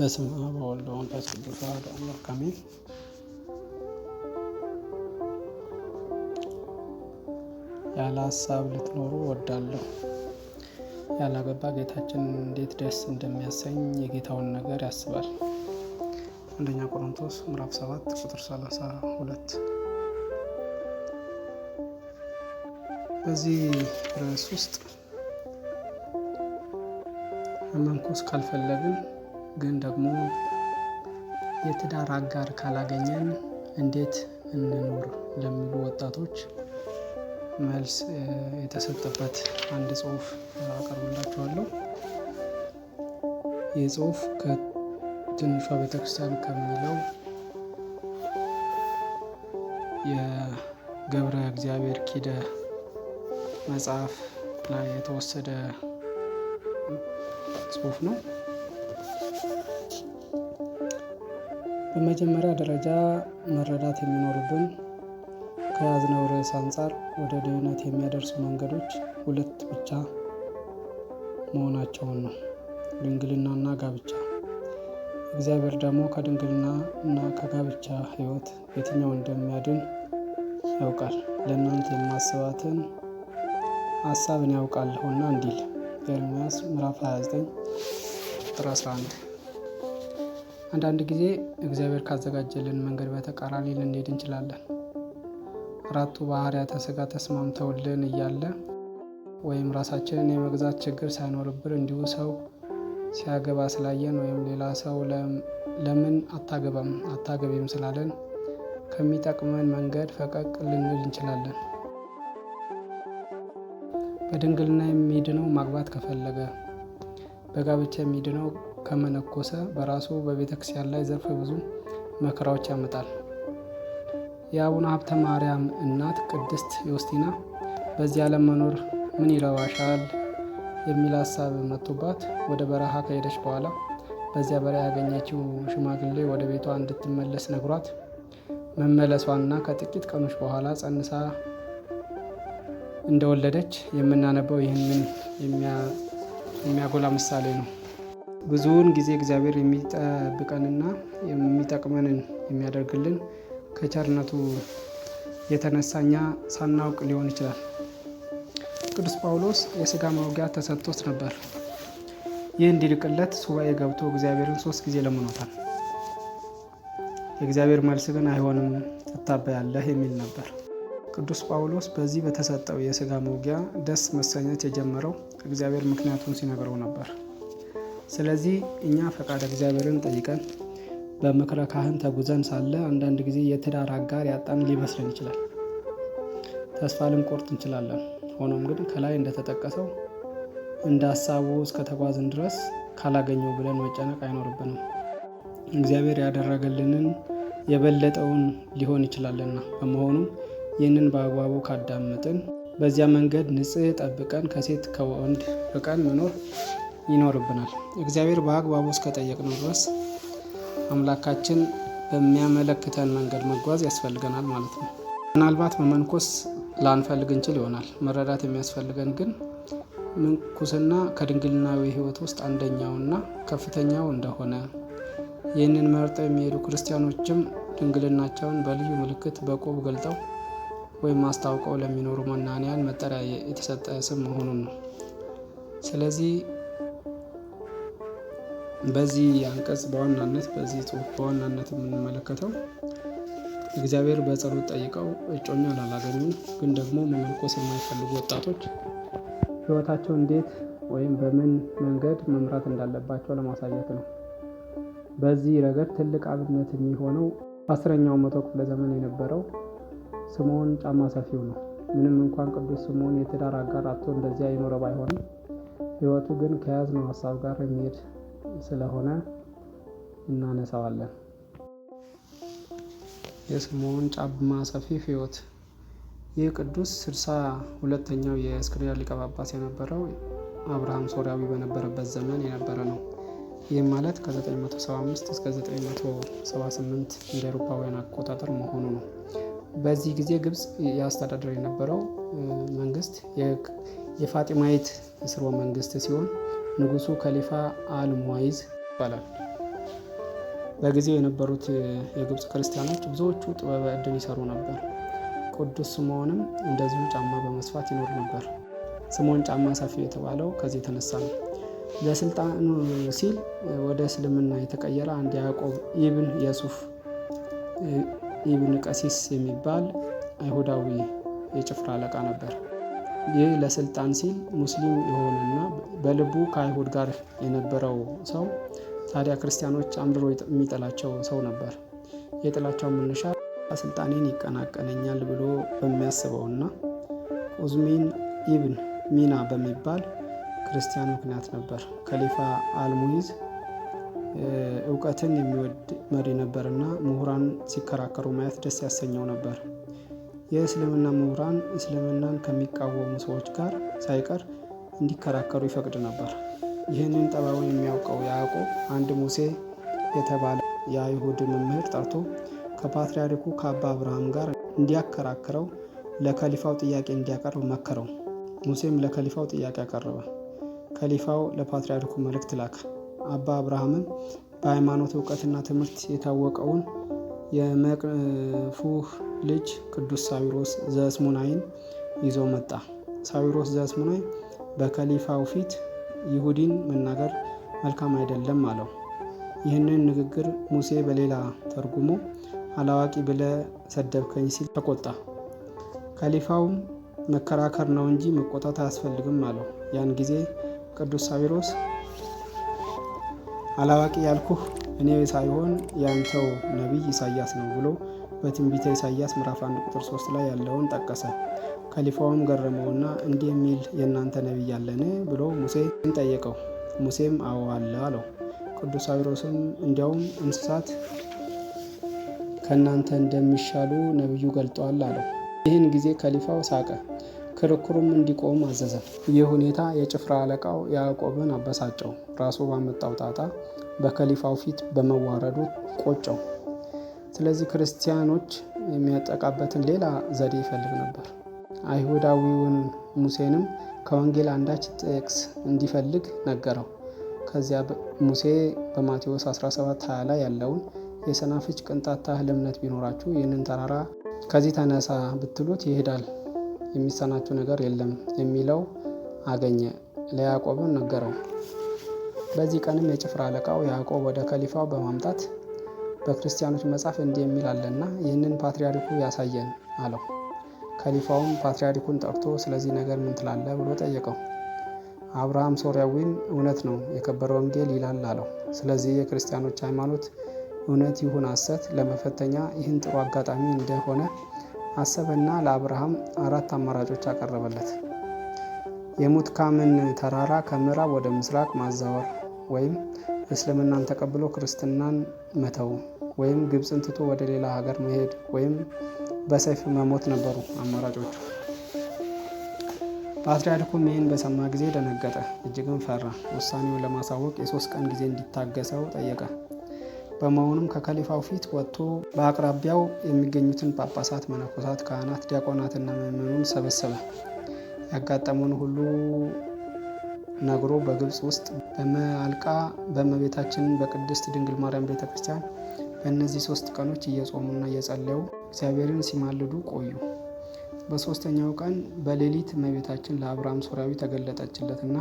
በስም አብ ወወልድ ወመንፈስ ቅዱስ አሐዱ አምላክ አሜን። ያለ ሀሳብ ልትኖሩ ወዳለሁ። ያላገባ ጌታችን እንዴት ደስ እንደሚያሰኝ የጌታውን ነገር ያስባል። አንደኛ ቆሮንቶስ ምዕራፍ 7 ቁጥር 32። በዚህ ርዕስ ውስጥ መንኮስ ካልፈለግን ግን ደግሞ የትዳር አጋር ካላገኘን እንዴት እንኖር ለሚሉ ወጣቶች መልስ የተሰጠበት አንድ ጽሁፍ አቀርብላችኋለሁ። ይህ ጽሁፍ ከትንሿ ቤተክርስቲያን ከሚለው የገብረ እግዚአብሔር ኪደ መጽሐፍ ላይ የተወሰደ ጽሁፍ ነው። በመጀመሪያ ደረጃ መረዳት የሚኖርብን ከያዝነው ርዕስ አንጻር ወደ ድህነት የሚያደርሱ መንገዶች ሁለት ብቻ መሆናቸውን ነው፣ ድንግልናና ጋብቻ። እግዚአብሔር ደግሞ ከድንግልና እና ከጋብቻ ሕይወት የትኛው እንደሚያድን ያውቃል። ለእናንተ የማስባትን ሀሳብን ያውቃለሁና እንዲል ኤርምያስ ምዕራፍ 29 ቁጥር 11 አንዳንድ ጊዜ እግዚአብሔር ካዘጋጀልን መንገድ በተቃራኒ ልንሄድ እንችላለን። አራቱ ባህርያተ ተስጋ ተስማምተውልን እያለ ወይም ራሳችንን የመግዛት ችግር ሳይኖርብን እንዲሁ ሰው ሲያገባ ስላየን ወይም ሌላ ሰው ለምን አታገባም አታገቢም ስላለን ከሚጠቅመን መንገድ ፈቀቅ ልንል እንችላለን። በድንግልና የሚድነው ማግባት ከፈለገ፣ በጋብቻ የሚድነው ከመነኮሰ በራሱ በቤተክርስቲያን ላይ ዘርፈ ብዙ መከራዎች ያመጣል። የአቡነ ሀብተ ማርያም እናት ቅድስት ዮስቲና በዚህ ዓለም መኖር ምን ይለዋሻል የሚል ሀሳብ መጥቶባት ወደ በረሃ ከሄደች በኋላ በዚያ በላይ ያገኘችው ሽማግሌ ወደ ቤቷ እንድትመለስ ነግሯት መመለሷና ከጥቂት ቀኖች በኋላ ጸንሳ እንደወለደች የምናነበው ይህንን የሚያጎላ ምሳሌ ነው። ብዙውን ጊዜ እግዚአብሔር የሚጠብቀንና የሚጠቅመንን የሚያደርግልን ከቸርነቱ የተነሳ እኛ ሳናውቅ ሊሆን ይችላል። ቅዱስ ጳውሎስ የስጋ መውጊያ ተሰጥቶት ነበር። ይህ እንዲልቅለት ሱባኤ ገብቶ እግዚአብሔርን ሶስት ጊዜ ለምኖታል። የእግዚአብሔር መልስ ግን አይሆንም ትታበያለህ የሚል ነበር። ቅዱስ ጳውሎስ በዚህ በተሰጠው የስጋ መውጊያ ደስ መሰኘት የጀመረው እግዚአብሔር ምክንያቱን ሲነግረው ነበር። ስለዚህ እኛ ፈቃድ እግዚአብሔርን ጠይቀን በምክረ ካህን ተጉዘን ሳለ አንዳንድ ጊዜ የትዳር አጋር ያጣን ሊመስለን ይችላል። ተስፋ ልንቆርጥ እንችላለን። ሆኖም ግን ከላይ እንደተጠቀሰው እንዳሳቡ እስከተጓዝን ድረስ ካላገኘው ብለን መጨነቅ አይኖርብንም። እግዚአብሔር ያደረገልንን የበለጠውን ሊሆን ይችላልና። በመሆኑ ይህንን በአግባቡ ካዳመጥን በዚያ መንገድ ንጽህ ጠብቀን ከሴት ከወንድ ፍቀን መኖር ይኖርብናል። እግዚአብሔር በአግባቡ እስከጠየቅነው ድረስ አምላካችን በሚያመለክተን መንገድ መጓዝ ያስፈልገናል ማለት ነው። ምናልባት መመንኮስ ላንፈልግ እንችል ይሆናል። መረዳት የሚያስፈልገን ግን ምንኩስና ከድንግልናዊ ሕይወት ውስጥ አንደኛውና ከፍተኛው እንደሆነ ይህንን መርጠው የሚሄዱ ክርስቲያኖችም ድንግልናቸውን በልዩ ምልክት በቆብ ገልጠው ወይም አስታውቀው ለሚኖሩ መናንያን መጠሪያ የተሰጠ ስም መሆኑን ነው። ስለዚህ በዚህ አንቀጽ በዋናነት በዚህ ጽሁፍ በዋናነት የምንመለከተው እግዚአብሔር በጸሎት ጠይቀው እጮኛ ላላገኙም ግን ደግሞ መመርኮስ የማይፈልጉ ወጣቶች ህይወታቸው እንዴት ወይም በምን መንገድ መምራት እንዳለባቸው ለማሳየት ነው። በዚህ ረገድ ትልቅ አብነት የሚሆነው አስረኛው መቶ ክፍለ ዘመን የነበረው ስምዖን ጫማ ሰፊው ነው። ምንም እንኳን ቅዱስ ስምዖን የትዳር አጋር አቶ እንደዚያ የኖረ ባይሆንም ህይወቱ ግን ከያዝ ነው ሀሳብ ጋር የሚሄድ ስለሆነ እናነሳዋለን። የስምዖን ጫማ ሰፊ ሕይወት ይህ ቅዱስ ስድሳ ሁለተኛው የእስክንድርያ ሊቀ ጳጳስ የነበረው አብርሃም ሶሪያዊ በነበረበት ዘመን የነበረ ነው። ይህም ማለት ከ975 እስከ 978 እንደ አውሮፓውያን አቆጣጠር መሆኑ ነው። በዚህ ጊዜ ግብፅ ያስተዳደር የነበረው መንግስት የፋጢማዊት ስርወ መንግስት ሲሆን ንጉሱ ከሊፋ አልሙዋይዝ ይባላል። በጊዜው የነበሩት የግብፅ ክርስቲያኖች ብዙዎቹ ጥበበ እድል ይሰሩ ነበር። ቅዱስ ስምዖንም እንደዚሁ ጫማ በመስፋት ይኖር ነበር። ስምዖን ጫማ ሰፊ የተባለው ከዚህ የተነሳ ነው። ለስልጣኑ ሲል ወደ እስልምና የተቀየረ አንድ ያዕቆብ ኢብን የሱፍ ኢብን ቀሲስ የሚባል አይሁዳዊ የጭፍራ አለቃ ነበር። ይህ ለስልጣን ሲል ሙስሊም የሆነና በልቡ ከአይሁድ ጋር የነበረው ሰው ታዲያ ክርስቲያኖች አምርሮ የሚጠላቸው ሰው ነበር። የጥላቸው መነሻ ስልጣኔን ይቀናቀነኛል ብሎ በሚያስበውና ኡዝሚን ኢብን ሚና በሚባል ክርስቲያን ምክንያት ነበር። ከሊፋ አልሙይዝ እውቀትን የሚወድ መሪ ነበርና ምሁራን ሲከራከሩ ማየት ደስ ያሰኘው ነበር። የእስልምና ምሁራን እስልምናን ከሚቃወሙ ሰዎች ጋር ሳይቀር እንዲከራከሩ ይፈቅድ ነበር። ይህንን ጠበቡን የሚያውቀው ያዕቆብ አንድ ሙሴ የተባለ የአይሁድ መምህር ጠርቶ ከፓትርያርኩ ከአባ አብርሃም ጋር እንዲያከራክረው ለከሊፋው ጥያቄ እንዲያቀርብ መከረው። ሙሴም ለከሊፋው ጥያቄ አቀረበ። ከሊፋው ለፓትርያርኩ መልእክት ላከ። አባ አብርሃምም በሃይማኖት እውቀትና ትምህርት የታወቀውን የመቅፉህ ልጅ ቅዱስ ሳዊሮስ ዘስሙናይን ይዞ መጣ። ሳዊሮስ ዘስሙናይ በከሊፋው ፊት ይሁዲን መናገር መልካም አይደለም አለው። ይህንን ንግግር ሙሴ በሌላ ተርጉሞ አላዋቂ ብለ ሰደብከኝ ሲል ተቆጣ። ከሊፋውም መከራከር ነው እንጂ መቆጣት አያስፈልግም አለው። ያን ጊዜ ቅዱስ ሳዊሮስ አላዋቂ ያልኩህ እኔ ሳይሆን ያንተው ነቢይ ኢሳያስ ነው ብሎ በትንቢተ ኢሳያስ ምዕራፍ 1 ቁጥር 3 ላይ ያለውን ጠቀሰ። ከሊፋውም ገረመውና እንዲህ የሚል የእናንተ ነቢይ አለን ብሎ ሙሴን ጠየቀው። ሙሴም አዎ አለ አለው። ቅዱስ አዊሮስም እንዲያውም እንስሳት ከእናንተ እንደሚሻሉ ነቢዩ ገልጠዋል አለው። ይህን ጊዜ ከሊፋው ሳቀ። ክርክሩም እንዲቆም አዘዘ። ይህ ሁኔታ የጭፍራ አለቃው ያዕቆብን አበሳጨው። ራሱ ባመጣው ጣጣ በከሊፋው ፊት በመዋረዱ ቆጨው። ስለዚህ ክርስቲያኖች የሚያጠቃበትን ሌላ ዘዴ ይፈልግ ነበር። አይሁዳዊውን ሙሴንም ከወንጌል አንዳች ጥቅስ እንዲፈልግ ነገረው። ከዚያ ሙሴ በማቴዎስ 1720 ላይ ያለውን የሰናፍጭ ቅንጣት ህልምነት እምነት ቢኖራችሁ ይህንን ተራራ ከዚህ ተነሳ ብትሉት ይሄዳል፣ የሚሳናችሁ ነገር የለም የሚለው አገኘ። ለያዕቆብን ነገረው። በዚህ ቀንም የጭፍራ አለቃው ያዕቆብ ወደ ከሊፋው በማምጣት በክርስቲያኖች መጽሐፍ እንዲህ የሚል አለና ይህንን ፓትርያርኩ ያሳየን አለው። ከሊፋውም ፓትርያርኩን ጠርቶ ስለዚህ ነገር ምን ትላለ ብሎ ጠየቀው። አብርሃም ሶርያዊም እውነት ነው የከበረ ወንጌል ይላል አለው። ስለዚህ የክርስቲያኖች ሃይማኖት እውነት ይሁን አሰት ለመፈተኛ ይህን ጥሩ አጋጣሚ እንደሆነ አሰበና ለአብርሃም አራት አማራጮች አቀረበለት። የሙትካምን ተራራ ከምዕራብ ወደ ምስራቅ ማዛወር ወይም እስልምናን ተቀብሎ ክርስትናን መተው ወይም ግብፅን ትቶ ወደ ሌላ ሀገር መሄድ ወይም በሰይፍ መሞት ነበሩ አማራጮቹ። ፓትርያርኩም ይህን በሰማ ጊዜ ደነገጠ፣ እጅግም ፈራ። ውሳኔውን ለማሳወቅ የሶስት ቀን ጊዜ እንዲታገሰው ጠየቀ። በመሆኑም ከከሊፋው ፊት ወጥቶ በአቅራቢያው የሚገኙትን ጳጳሳት፣ መነኮሳት፣ ካህናት፣ ዲያቆናትና ምዕመኑን ሰበሰበ። ያጋጠመውን ሁሉ ነግሮ በግብፅ ውስጥ በመአልቃ በእመቤታችን በቅድስት ድንግል ማርያም ቤተክርስቲያን በእነዚህ ሶስት ቀኖች እየጾሙና እየጸለዩ እግዚአብሔርን ሲማልዱ ቆዩ። በሶስተኛው ቀን በሌሊት እመቤታችን ለአብርሃም ሶርያዊ ተገለጠችለትና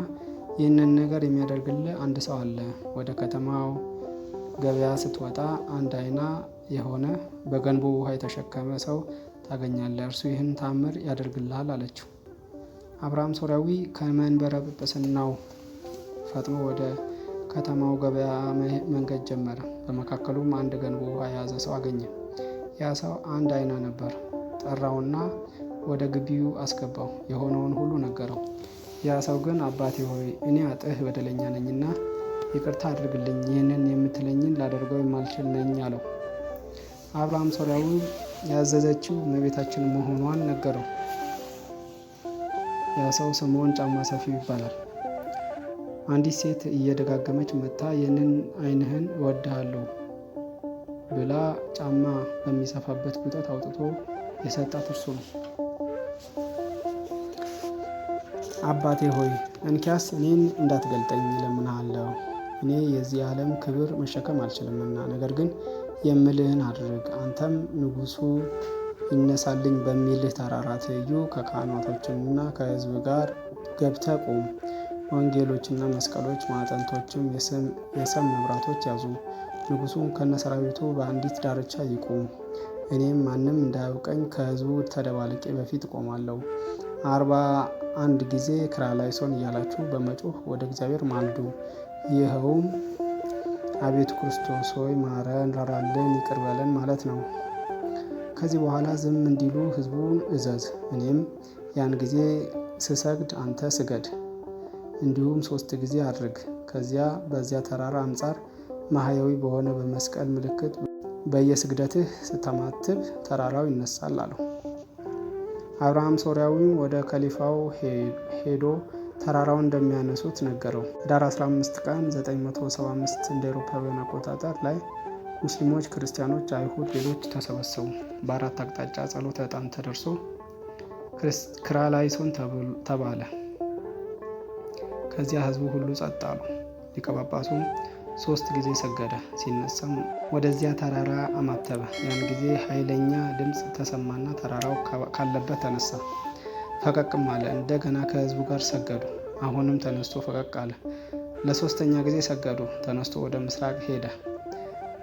ይህንን ነገር የሚያደርግልህ አንድ ሰው አለ። ወደ ከተማው ገበያ ስትወጣ አንድ አይና የሆነ በገንቦ ውሃ የተሸከመ ሰው ታገኛለህ። እርሱ ይህን ታምር ያደርግልሃል አለችው። አብርሃም ሶርያዊ ከመንበረ ጵጵስናው ፈጥኖ ወደ ከተማው ገበያ መንገድ ጀመረ። በመካከሉም አንድ ገንቦ ውሃ የያዘ ሰው አገኘ። ያ ሰው አንድ አይና ነበር። ጠራውና ወደ ግቢው አስገባው። የሆነውን ሁሉ ነገረው። ያ ሰው ግን አባቴ ሆይ እኔ አጥህ በደለኛ ነኝና ይቅርታ አድርግልኝ፣ ይህንን የምትለኝን ላደርገው የማልችል ነኝ አለው። አብርሃም ሶሪያዊ ያዘዘችው እመቤታችን መሆኗን ነገረው። ያ ሰው ስምዖን ጫማ ሰፊው ይባላል። አንዲት ሴት እየደጋገመች መታ ይህንን አይንህን እወድሃለሁ ብላ ጫማ በሚሰፋበት ብጠት አውጥቶ የሰጣት እርሱ ነው። አባቴ ሆይ እንኪያስ እኔን እንዳትገልጠኝ እለምንሃለሁ። እኔ የዚህ ዓለም ክብር መሸከም አልችልምና፣ ነገር ግን የምልህን አድርግ። አንተም ንጉሱ ይነሳልኝ በሚልህ ተራራ ትይዩ ከካህናቶችና ከህዝብ ጋር ገብተ ቁም ወንጌሎችና መስቀሎች፣ ማዕጠንቶችም የሰም መብራቶች ያዙ። ንጉሱ ከነሰራዊቱ በአንዲት ዳርቻ ይቁም፣ እኔም ማንም እንዳያውቀኝ ከህዝቡ ተደባልቄ በፊት እቆማለሁ። አርባ አንድ ጊዜ ሶን እያላችሁ በመጮህ ወደ እግዚአብሔር ማልዱ። ይኸውም አቤቱ ክርስቶስ ሆይ ማረን፣ ራራልን፣ ይቅር በለን ማለት ነው። ከዚህ በኋላ ዝም እንዲሉ ሕዝቡን እዘዝ። እኔም ያን ጊዜ ስሰግድ አንተ ስገድ እንዲሁም ሶስት ጊዜ አድርግ። ከዚያ በዚያ ተራራ አንጻር ማህያዊ በሆነ በመስቀል ምልክት በየስግደትህ ስተማትብ ተራራው ይነሳል አለው። አብርሃም ሶርያዊም ወደ ከሊፋው ሄዶ ተራራውን እንደሚያነሱት ነገረው። ዳር 15 ቀን 975 እንደ ኤሮፓውያን አቆጣጠር ላይ ሙስሊሞች፣ ክርስቲያኖች፣ አይሁድ፣ ሌሎች ተሰበሰቡ። በአራት አቅጣጫ ጸሎተ ዕጣን ተደርሶ ክራላይሶን ተባለ። ከዚያ ህዝቡ ሁሉ ጸጥ አሉ። ሊቀ ጳጳሱም ሶስት ጊዜ ሰገደ። ሲነሳም ወደዚያ ተራራ አማተበ። ያን ጊዜ ኃይለኛ ድምፅ ተሰማና ተራራው ካለበት ተነሳ፣ ፈቀቅም አለ። እንደገና ከህዝቡ ጋር ሰገዱ። አሁንም ተነስቶ ፈቀቅ አለ። ለሶስተኛ ጊዜ ሰገዱ። ተነስቶ ወደ ምስራቅ ሄደ።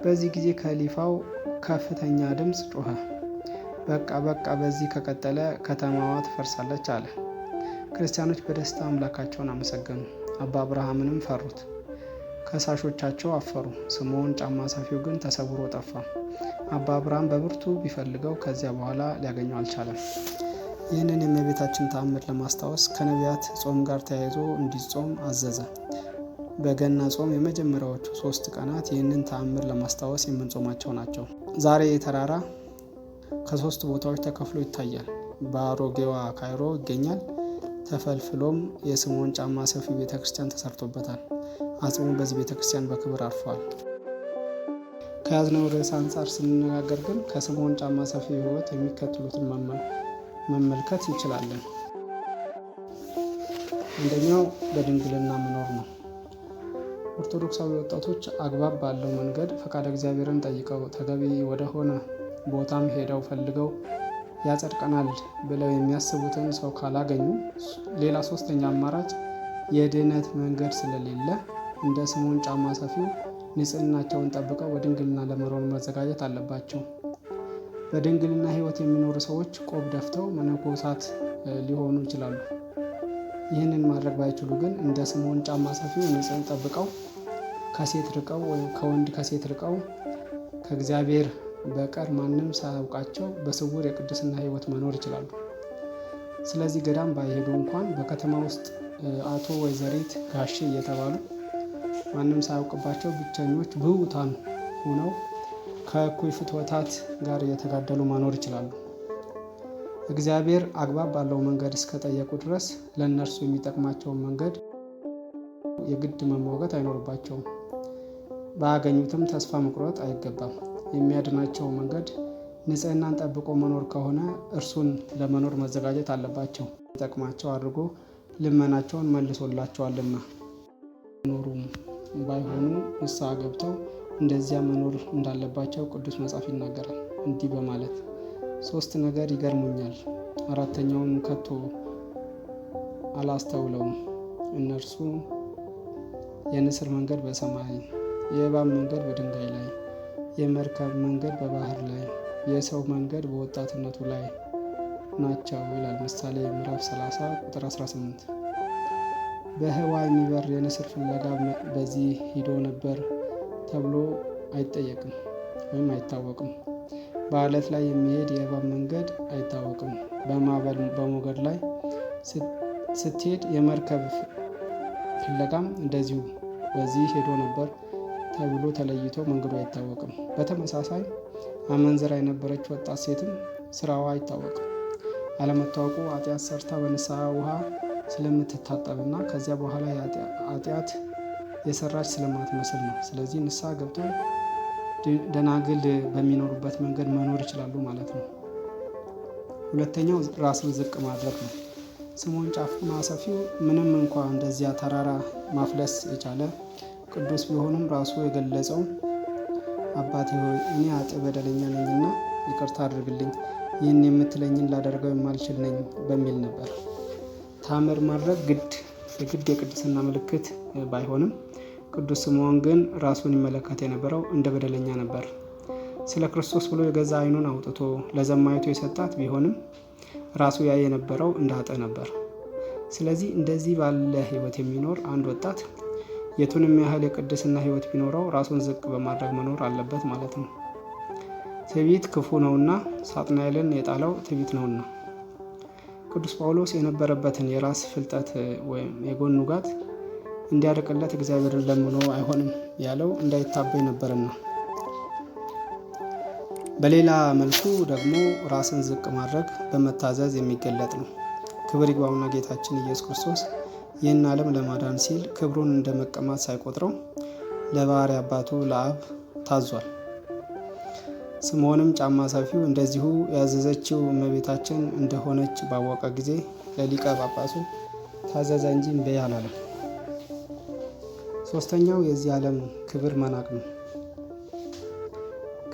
በዚህ ጊዜ ከሊፋው ከፍተኛ ድምፅ ጮኸ፣ በቃ በቃ፣ በዚህ ከቀጠለ ከተማዋ ትፈርሳለች አለ። ክርስቲያኖች በደስታ አምላካቸውን አመሰገኑ። አባ አብርሃምንም ፈሩት፣ ከሳሾቻቸው አፈሩ። ስምዖን ጫማ ሰፊው ግን ተሰውሮ ጠፋ። አባ አብርሃም በብርቱ ቢፈልገው ከዚያ በኋላ ሊያገኘው አልቻለም። ይህንን የእመቤታችን ተአምር ለማስታወስ ከነቢያት ጾም ጋር ተያይዞ እንዲጾም አዘዘ። በገና ጾም የመጀመሪያዎቹ ሶስት ቀናት ይህንን ተአምር ለማስታወስ የምንጾማቸው ናቸው። ዛሬ የተራራ ከሶስት ቦታዎች ተከፍሎ ይታያል። በአሮጌዋ ካይሮ ይገኛል። ተፈልፍሎም የስምዖን ጫማ ሰፊ ቤተ ክርስቲያን ተሰርቶበታል። አጽሙ በዚህ ቤተ ክርስቲያን በክብር አርፏል። ከያዝነው ርዕስ አንጻር ስንነጋገር ግን ከስምዖን ጫማ ሰፊ ሕይወት የሚከተሉትን መመልከት እንችላለን። አንደኛው በድንግልና መኖር ነው። ኦርቶዶክሳዊ ወጣቶች አግባብ ባለው መንገድ ፈቃደ እግዚአብሔርን ጠይቀው ተገቢ ወደሆነ ቦታም ሄደው ፈልገው ያጸድቀናል ብለው የሚያስቡትን ሰው ካላገኙ ሌላ ሶስተኛ አማራጭ የድህነት መንገድ ስለሌለ እንደ ስምዖን ጫማ ሰፊው ንጽህናቸውን ጠብቀው በድንግልና ለመኖር መዘጋጀት አለባቸው። በድንግልና ሕይወት የሚኖሩ ሰዎች ቆብ ደፍተው መነኮሳት ሊሆኑ ይችላሉ። ይህንን ማድረግ ባይችሉ ግን እንደ ስምዖን ጫማ ሰፊው ንጽህን ጠብቀው ከሴት ርቀው ከወንድ ከሴት ርቀው ከእግዚአብሔር በቀር ማንም ሳያውቃቸው በስውር የቅድስና ህይወት መኖር ይችላሉ። ስለዚህ ገዳም ባይሄዱ እንኳን በከተማ ውስጥ አቶ፣ ወይዘሪት፣ ጋሼ እየተባሉ ማንም ሳያውቅባቸው ብቸኞች ብሁታን ሆነው ከእኩይ ፍትወታት ጋር እየተጋደሉ መኖር ይችላሉ። እግዚአብሔር አግባብ ባለው መንገድ እስከጠየቁ ድረስ ለእነርሱ የሚጠቅማቸውን መንገድ የግድ መሟገት አይኖርባቸውም። ባያገኙትም ተስፋ መቁረጥ አይገባም። የሚያድናቸው መንገድ ንጽህናን ጠብቆ መኖር ከሆነ እርሱን ለመኖር መዘጋጀት አለባቸው። ጠቅማቸው አድርጎ ልመናቸውን መልሶላቸዋልና ኖሩም ባይሆኑ ንስሐ ገብተው እንደዚያ መኖር እንዳለባቸው ቅዱስ መጽሐፍ ይናገራል። እንዲህ በማለት ሶስት ነገር ይገርሙኛል፣ አራተኛውን ከቶ አላስተውለውም። እነርሱ የንስር መንገድ በሰማይ የእባብ መንገድ በድንጋይ ላይ የመርከብ መንገድ በባህር ላይ የሰው መንገድ በወጣትነቱ ላይ ናቸው ይላል ምሳሌ ምዕራፍ 30 ቁጥር 18። በህዋ የሚበር የንስር ፍለጋ በዚህ ሂዶ ነበር ተብሎ አይጠየቅም ወይም አይታወቅም። በአለት ላይ የሚሄድ የእባብ መንገድ አይታወቅም። በማዕበል በሞገድ ላይ ስትሄድ የመርከብ ፍለጋም እንደዚሁ በዚህ ሄዶ ነበር ተብሎ ተለይቶ መንገዱ አይታወቅም። በተመሳሳይ አመንዝራ የነበረች ወጣት ሴትም ስራዋ አይታወቅም። አለመታወቁ አጢአት ሰርታ በንስሐ ውሃ ስለምትታጠብና ከዚያ በኋላ ኃጢአት የሰራች ስለማትመስል ነው። ስለዚህ ንስሐ ገብቶ ደናግል በሚኖሩበት መንገድ መኖር ይችላሉ ማለት ነው። ሁለተኛው ራስን ዝቅ ማድረግ ነው። ስምዖን ጫፉና ሰፊው ምንም እንኳ እንደዚያ ተራራ ማፍለስ የቻለ ቅዱስ ቢሆንም ራሱ የገለጸው አባቴ ሆይ እኔ አጥ በደለኛ ነኝና ይቅርታ አድርግልኝ፣ ይህን የምትለኝን ላደርገው የማልችል ነኝ በሚል ነበር። ታምር ማድረግ ግድ የግድ የቅድስና ምልክት ባይሆንም ቅዱስ ስምዖን ግን ራሱን ይመለከት የነበረው እንደ በደለኛ ነበር። ስለ ክርስቶስ ብሎ የገዛ ዓይኑን አውጥቶ ለዘማዊቱ የሰጣት ቢሆንም ራሱ ያየ የነበረው እንዳጠ ነበር። ስለዚህ እንደዚህ ባለ ሕይወት የሚኖር አንድ ወጣት የቱንም ያህል የቅድስና ህይወት ቢኖረው ራሱን ዝቅ በማድረግ መኖር አለበት ማለት ነው። ትዕቢት ክፉ ነውና ሳጥናኤልን የጣለው ትዕቢት ነውና። ቅዱስ ጳውሎስ የነበረበትን የራስ ፍልጠት ወይም የጎን ውጋት እንዲያርቅለት እግዚአብሔርን ለምኖ አይሆንም ያለው እንዳይታበይ ነበርና። በሌላ መልኩ ደግሞ ራስን ዝቅ ማድረግ በመታዘዝ የሚገለጥ ነው። ክብር ይግባውና ጌታችን ኢየሱስ ክርስቶስ ይህን ዓለም ለማዳን ሲል ክብሩን እንደ መቀማት ሳይቆጥረው ለባህሪ አባቱ ለአብ ታዟል። ስምዖንም ጫማ ሰፊው እንደዚሁ ያዘዘችው እመቤታችን እንደሆነች ባወቀ ጊዜ ለሊቀ ጳጳሱ ታዘዘ እንጂ እምቢ አላለም። ሶስተኛው የዚህ ዓለም ክብር መናቅ ነው።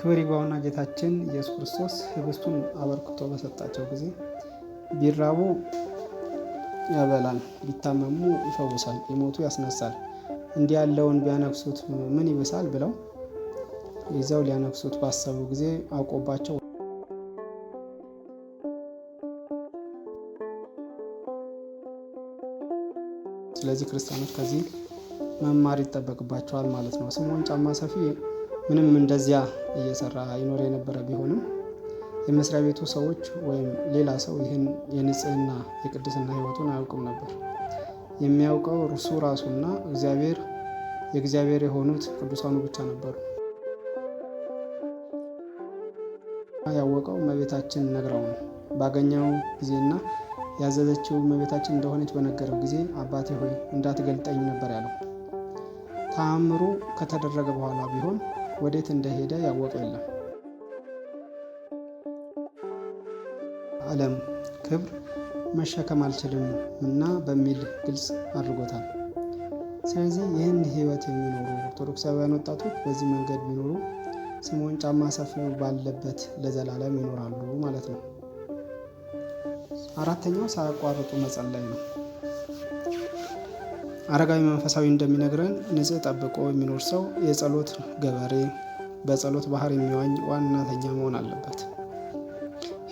ክብር ይግባውና ጌታችን ኢየሱስ ክርስቶስ ህብስቱን አበርክቶ በሰጣቸው ጊዜ ቢራቡ ያበላል፣ ቢታመሙ ይፈውሳል፣ ቢሞቱ ያስነሳል። እንዲህ ያለውን ቢያነክሱት ምን ይብሳል ብለው ይዘው ሊያነክሱት ባሰቡ ጊዜ አውቆባቸው ስለዚህ ክርስቲያኖች ከዚህ መማር ይጠበቅባቸዋል ማለት ነው። ስምዖን ጫማ ሰፊ ምንም እንደዚያ እየሰራ ይኖር የነበረ ቢሆንም የመስሪያ ቤቱ ሰዎች ወይም ሌላ ሰው ይህን የንጽህና የቅድስና ህይወቱን አያውቅም ነበር። የሚያውቀው እርሱ ራሱና እግዚአብሔር የእግዚአብሔር የሆኑት ቅዱሳኑ ብቻ ነበሩ። ያወቀው እመቤታችን ነግረው ነው። ባገኘው ጊዜና ያዘዘችው እመቤታችን እንደሆነች በነገረው ጊዜ አባቴ ሆይ እንዳትገልጠኝ ነበር ያለው። ተአምሩ ከተደረገ በኋላ ቢሆን ወዴት እንደሄደ ያወቀ የለም። ዓለም ክብር መሸከም አልችልም እና በሚል ግልጽ አድርጎታል። ስለዚህ ይህን ህይወት የሚኖሩ ኦርቶዶክሳውያን ወጣቶች በዚህ መንገድ ቢኖሩ ስምዖን ጫማ ሰፊው ባለበት ለዘላለም ይኖራሉ ማለት ነው። አራተኛው ሳያቋርጡ መጸለይ ነው። አረጋዊ መንፈሳዊ እንደሚነግረን ንጽህ ጠብቆ የሚኖር ሰው የጸሎት ገበሬ፣ በጸሎት ባህር የሚዋኝ ዋናተኛ መሆን አለበት።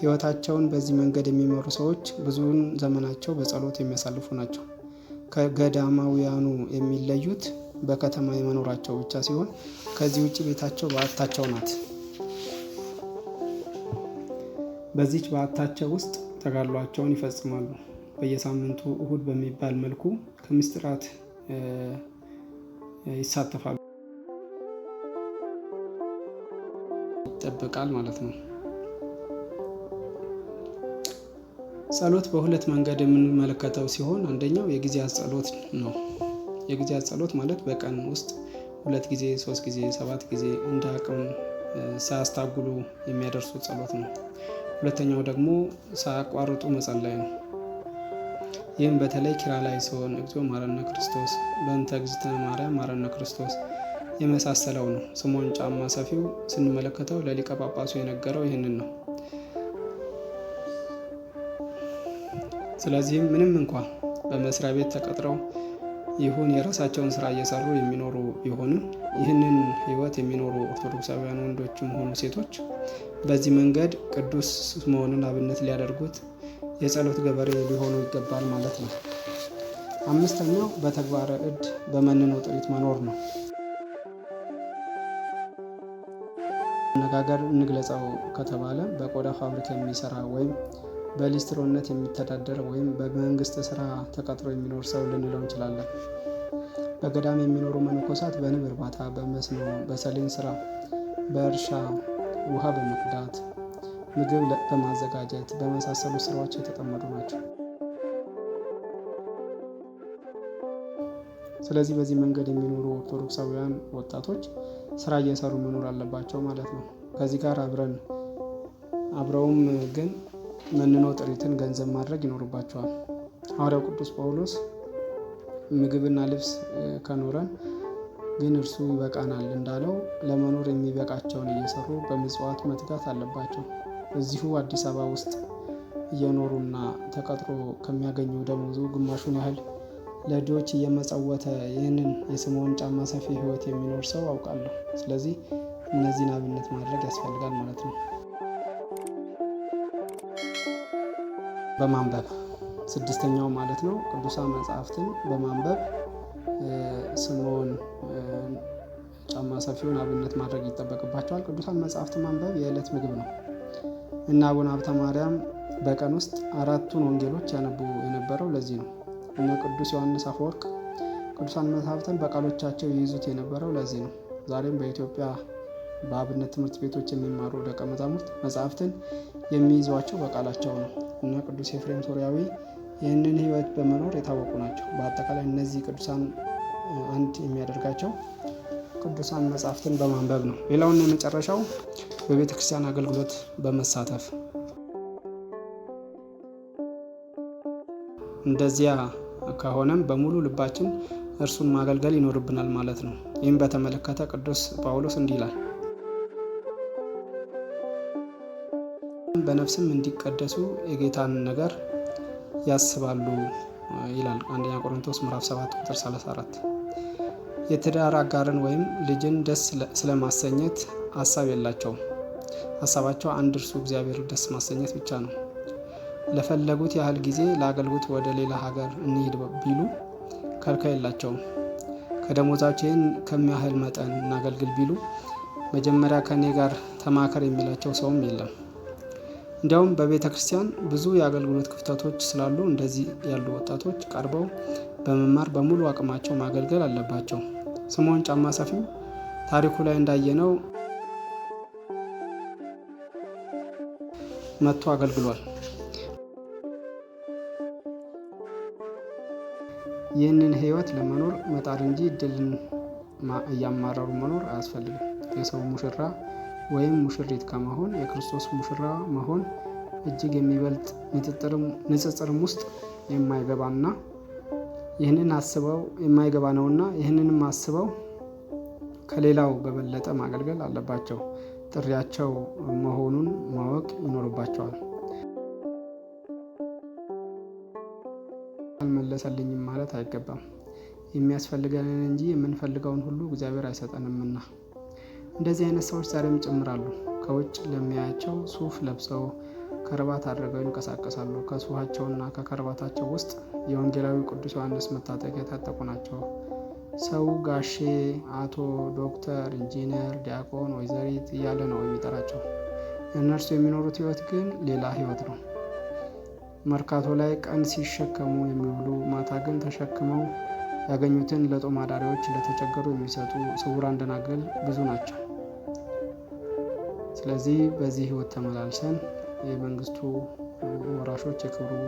ህይወታቸውን በዚህ መንገድ የሚመሩ ሰዎች ብዙውን ዘመናቸው በጸሎት የሚያሳልፉ ናቸው። ከገዳማውያኑ የሚለዩት በከተማ የመኖራቸው ብቻ ሲሆን ከዚህ ውጭ ቤታቸው በአታቸው ናት። በዚች በአታቸው ውስጥ ተጋድሏቸውን ይፈጽማሉ። በየሳምንቱ እሁድ በሚባል መልኩ ከምስጢራት ይሳተፋሉ። ይጠበቃል ማለት ነው። ጸሎት በሁለት መንገድ የምንመለከተው ሲሆን አንደኛው የጊዜያት ጸሎት ነው። የጊዜያት ጸሎት ማለት በቀን ውስጥ ሁለት ጊዜ፣ ሶስት ጊዜ፣ ሰባት ጊዜ እንደ አቅም ሳያስታጉሉ የሚያደርሱ ጸሎት ነው። ሁለተኛው ደግሞ ሳያቋርጡ መጸለይ ነው። ይህም በተለይ ኪራ ላይ ሲሆን እግዚኦ ማረነ ክርስቶስ፣ በእንተ ግዝተ ማርያም ማረነ ክርስቶስ የመሳሰለው ነው። ስሞን ጫማ ሰፊው ስንመለከተው ለሊቀ ጳጳሱ የነገረው ይህንን ነው። ስለዚህም ምንም እንኳን በመስሪያ ቤት ተቀጥረው ይሁን የራሳቸውን ስራ እየሰሩ የሚኖሩ ቢሆንም ይህንን ህይወት የሚኖሩ ኦርቶዶክሳውያን ወንዶችም ሆኑ ሴቶች በዚህ መንገድ ቅዱስ መሆንን አብነት ሊያደርጉት የጸሎት ገበሬ ሊሆኑ ይገባል ማለት ነው። አምስተኛው በተግባረ እድ በመንኖ ጥሪት መኖር ነው። አነጋገር እንግለጸው ከተባለ በቆዳ ፋብሪካ የሚሰራ ወይም በሊስትሮነት የሚተዳደር ወይም በመንግስት ስራ ተቀጥሮ የሚኖር ሰው ልንለው እንችላለን። በገዳም የሚኖሩ መነኮሳት በንብ እርባታ፣ በመስኖ፣ በሰሌን ስራ፣ በእርሻ ውሃ በመቅዳት ምግብ በማዘጋጀት በመሳሰሉ ስራዎች የተጠመዱ ናቸው። ስለዚህ በዚህ መንገድ የሚኖሩ ኦርቶዶክሳውያን ወጣቶች ስራ እየሰሩ መኖር አለባቸው ማለት ነው። ከዚህ ጋር አብረን አብረውም ግን መንኖ ጥሪትን ገንዘብ ማድረግ ይኖርባቸዋል። ሐዋርያው ቅዱስ ጳውሎስ ምግብና ልብስ ከኖረን ግን እርሱ ይበቃናል እንዳለው ለመኖር የሚበቃቸውን እየሰሩ በምጽዋት መትጋት አለባቸው። እዚሁ አዲስ አበባ ውስጥ እየኖሩና ተቀጥሮ ከሚያገኘው ደሞዙ ግማሹን ያህል ለድሆች እየመጸወተ ይህንን የስምዖን ጫማ ሰፊ ህይወት የሚኖር ሰው አውቃለሁ። ስለዚህ እነዚህን አብነት ማድረግ ያስፈልጋል ማለት ነው። በማንበብ ስድስተኛው ማለት ነው። ቅዱሳን መጽሐፍትን በማንበብ ስምዖን ጫማ ሰፊውን አብነት ማድረግ ይጠበቅባቸዋል። ቅዱሳን መጽሐፍት ማንበብ የዕለት ምግብ ነው እና አቡነ ሀብተ ማርያም በቀን ውስጥ አራቱን ወንጌሎች ያነቡ የነበረው ለዚህ ነው። እነ ቅዱስ ዮሐንስ አፈወርቅ ቅዱሳን መጽሐፍትን በቃሎቻቸው ይይዙት የነበረው ለዚህ ነው። ዛሬም በኢትዮጵያ በአብነት ትምህርት ቤቶች የሚማሩ ደቀ መዛሙርት መጽሐፍትን የሚይዟቸው በቃላቸው ነው። እና ቅዱስ ኤፍሬም ሶሪያዊ ይህንን ህይወት በመኖር የታወቁ ናቸው። በአጠቃላይ እነዚህ ቅዱሳን አንድ የሚያደርጋቸው ቅዱሳን መጻሕፍትን በማንበብ ነው። ሌላውና የመጨረሻው በቤተ ክርስቲያን አገልግሎት በመሳተፍ እንደዚያ ከሆነም በሙሉ ልባችን እርሱን ማገልገል ይኖርብናል ማለት ነው። ይህም በተመለከተ ቅዱስ ጳውሎስ እንዲህ ይላል በነፍስም እንዲቀደሱ የጌታን ነገር ያስባሉ ይላል አንደኛ ቆሮንቶስ ምዕራፍ 7 ቁጥር 34። የትዳር አጋርን ወይም ልጅን ደስ ስለማሰኘት ሀሳብ የላቸውም። ሀሳባቸው አንድ እርሱ እግዚአብሔር ደስ ማሰኘት ብቻ ነው። ለፈለጉት ያህል ጊዜ ለአገልግሎት ወደ ሌላ ሀገር እንሄድ ቢሉ ከልካይ የላቸውም። ከደሞዛችን ከሚያህል መጠን እናገልግል ቢሉ መጀመሪያ ከእኔ ጋር ተማከር የሚላቸው ሰውም የለም። እንዲያውም በቤተ ክርስቲያን ብዙ የአገልግሎት ክፍተቶች ስላሉ እንደዚህ ያሉ ወጣቶች ቀርበው በመማር በሙሉ አቅማቸው ማገልገል አለባቸው። ስምዖን ጫማ ሰፊው ታሪኩ ላይ እንዳየነው መጥቶ አገልግሏል። ይህንን ህይወት ለመኖር መጣር እንጂ እድልን እያማረሩ መኖር አያስፈልግም። የሰው ሙሽራ ወይም ሙሽሪት ከመሆን የክርስቶስ ሙሽራ መሆን እጅግ የሚበልጥ ንጽጽርም ውስጥ የማይገባና ይህንን አስበው የማይገባ ነውና ይህንንም አስበው ከሌላው በበለጠ ማገልገል አለባቸው። ጥሪያቸው መሆኑን ማወቅ ይኖርባቸዋል። አልመለሰልኝም ማለት አይገባም። የሚያስፈልገንን እንጂ የምንፈልገውን ሁሉ እግዚአብሔር አይሰጠንምና እንደዚህ አይነት ሰዎች ዛሬም ይጨምራሉ። ከውጭ ለሚያያቸው ሱፍ ለብሰው ከርባት አድርገው ይንቀሳቀሳሉ። ከሱፋቸውና ከከርባታቸው ውስጥ የወንጌላዊ ቅዱስ ዮሐንስ መታጠቂያ የታጠቁ ናቸው። ሰው ጋሼ፣ አቶ፣ ዶክተር፣ ኢንጂነር፣ ዲያቆን፣ ወይዘሪት እያለ ነው የሚጠራቸው። እነርሱ የሚኖሩት ሕይወት ግን ሌላ ሕይወት ነው። መርካቶ ላይ ቀን ሲሸከሙ የሚውሉ ማታ ግን ተሸክመው ያገኙትን ለጦም አዳሪዎች፣ ለተቸገሩ የሚሰጡ ስውራን ደናግል ብዙ ናቸው። ስለዚህ በዚህ ህይወት ተመላልሰን የመንግስቱ ወራሾች የክብሩ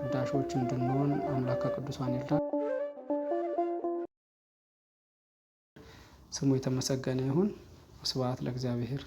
ቅዳሾች እንድንሆን አምላከ ቅዱሳን ይርዳል። ስሙ የተመሰገነ ይሁን። ስብሐት ለእግዚአብሔር።